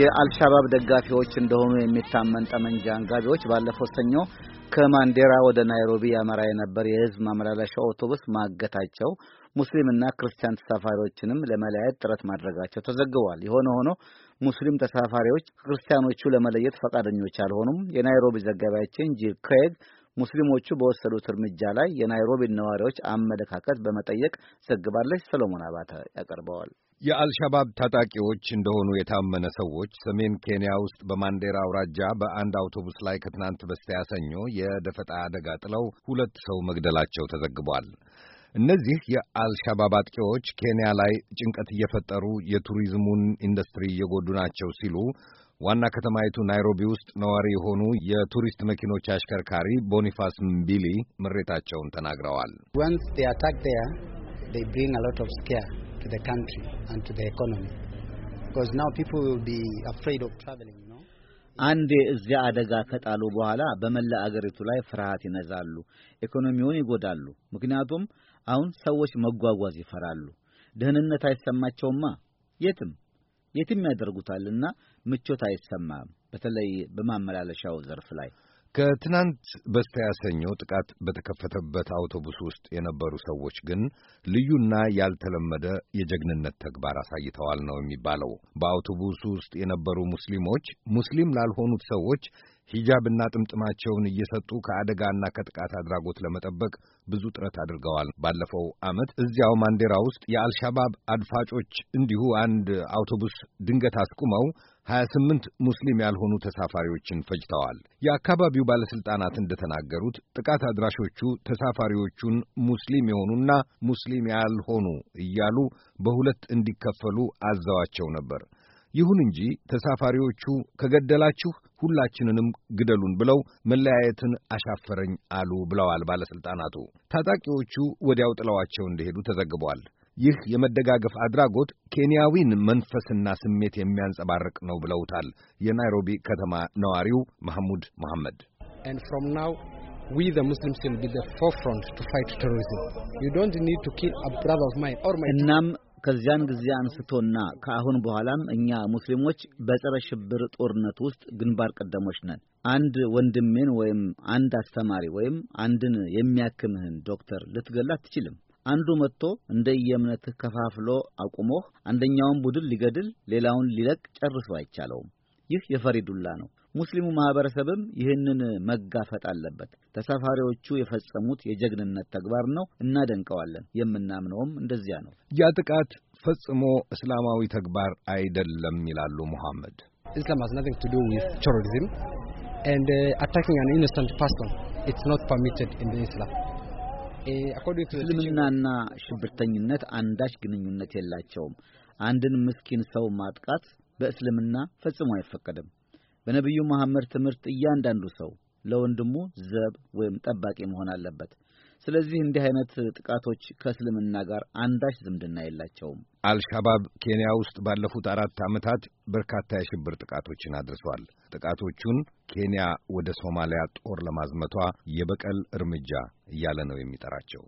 የአልሻባብ ደጋፊዎች እንደሆኑ የሚታመን ጠመንጃ አንጋቢዎች ባለፈው ሰኞ ከማንዴራ ወደ ናይሮቢ ያመራ የነበር የሕዝብ ማመላለሻ አውቶቡስ ማገታቸው ሙስሊምና ክርስቲያን ተሳፋሪዎችንም ለመለያየት ጥረት ማድረጋቸው ተዘግቧል። የሆነ ሆኖ ሙስሊም ተሳፋሪዎች ክርስቲያኖቹ ለመለየት ፈቃደኞች አልሆኑም። የናይሮቢ ዘጋቢያችን ጂል ክሬግ ሙስሊሞቹ በወሰዱት እርምጃ ላይ የናይሮቢን ነዋሪዎች አመለካከት በመጠየቅ ዘግባለች። ሰሎሞን አባተ ያቀርበዋል። የአልሻባብ ታጣቂዎች እንደሆኑ የታመነ ሰዎች ሰሜን ኬንያ ውስጥ በማንዴራ አውራጃ በአንድ አውቶቡስ ላይ ከትናንት በስቲያ ሰኞ የደፈጣ አደጋ ጥለው ሁለት ሰው መግደላቸው ተዘግቧል። እነዚህ የአልሻባብ አጥቂዎች ኬንያ ላይ ጭንቀት እየፈጠሩ የቱሪዝሙን ኢንዱስትሪ እየጎዱ ናቸው ሲሉ ዋና ከተማይቱ ናይሮቢ ውስጥ ነዋሪ የሆኑ የቱሪስት መኪኖች አሽከርካሪ ቦኒፋስ ምቢሊ ምሬታቸውን ተናግረዋል። አንዴ እዚያ አደጋ ከጣሉ በኋላ በመላ አገሪቱ ላይ ፍርሃት ይነዛሉ፣ ኢኮኖሚውን ይጎዳሉ። ምክንያቱም አሁን ሰዎች መጓጓዝ ይፈራሉ። ደህንነት አይሰማቸውማ የትም የትም ያደርጉታልና ምቾት አይሰማም፣ በተለይ በማመላለሻው ዘርፍ ላይ። ከትናንት በስቲያ ሰኞ ጥቃት በተከፈተበት አውቶቡስ ውስጥ የነበሩ ሰዎች ግን ልዩና ያልተለመደ የጀግንነት ተግባር አሳይተዋል ነው የሚባለው። በአውቶቡስ ውስጥ የነበሩ ሙስሊሞች ሙስሊም ላልሆኑት ሰዎች ሂጃብና ጥምጥማቸውን እየሰጡ ከአደጋና ከጥቃት አድራጎት ለመጠበቅ ብዙ ጥረት አድርገዋል። ባለፈው ዓመት እዚያው ማንዴራ ውስጥ የአልሻባብ አድፋጮች እንዲሁ አንድ አውቶቡስ ድንገት አስቁመው 28 ሙስሊም ያልሆኑ ተሳፋሪዎችን ፈጅተዋል። የአካባቢው ባለሥልጣናት እንደተናገሩት ጥቃት አድራሾቹ ተሳፋሪዎቹን ሙስሊም የሆኑና ሙስሊም ያልሆኑ እያሉ በሁለት እንዲከፈሉ አዘዋቸው ነበር። ይሁን እንጂ ተሳፋሪዎቹ ከገደላችሁ ሁላችንንም ግደሉን ብለው መለያየትን አሻፈረኝ አሉ ብለዋል ባለሥልጣናቱ። ታጣቂዎቹ ወዲያው ጥለዋቸው እንደሄዱ ተዘግቧል። ይህ የመደጋገፍ አድራጎት ኬንያዊን መንፈስና ስሜት የሚያንጸባርቅ ነው ብለውታል የናይሮቢ ከተማ ነዋሪው መሐሙድ መሐመድ። እናም ከዚያን ጊዜ አንስቶና ከአሁን በኋላም እኛ ሙስሊሞች በጸረ ሽብር ጦርነት ውስጥ ግንባር ቀደሞች ነን። አንድ ወንድሜን ወይም አንድ አስተማሪ ወይም አንድን የሚያክምህን ዶክተር ልትገላ አትችልም። አንዱ መጥቶ እንደ የእምነትህ ከፋፍሎ አቁሞህ አንደኛውን ቡድን ሊገድል ሌላውን ሊለቅ ጨርሶ አይቻለውም። ይህ የፈሪዱላ ነው። ሙስሊሙ ማህበረሰብም ይህንን መጋፈጥ አለበት። ተሳፋሪዎቹ የፈጸሙት የጀግንነት ተግባር ነው፣ እናደንቀዋለን። የምናምነውም እንደዚያ ነው። ያ ጥቃት ፈጽሞ እስላማዊ ተግባር አይደለም ይላሉ ሙሐመድ። ኢስላም ናቲንግ ቱ ዱ ዊዝ ቴሮሪዝም ኤንድ አታኪንግ አን ፐርሰን ኢትስ ኖት ፐርሚትድ ኢን ኢስላም። እስልምናና ሽብርተኝነት አንዳች ግንኙነት የላቸውም። አንድን ምስኪን ሰው ማጥቃት በእስልምና ፈጽሞ አይፈቀድም። በነቢዩ መሐመድ ትምህርት እያንዳንዱ ሰው ለወንድሙ ዘብ ወይም ጠባቂ መሆን አለበት። ስለዚህ እንዲህ አይነት ጥቃቶች ከእስልምና ጋር አንዳች ዝምድና የላቸውም። አልሻባብ ኬንያ ውስጥ ባለፉት አራት ዓመታት በርካታ የሽብር ጥቃቶችን አድርሷል። ጥቃቶቹን ኬንያ ወደ ሶማሊያ ጦር ለማዝመቷ የበቀል እርምጃ እያለ ነው የሚጠራቸው።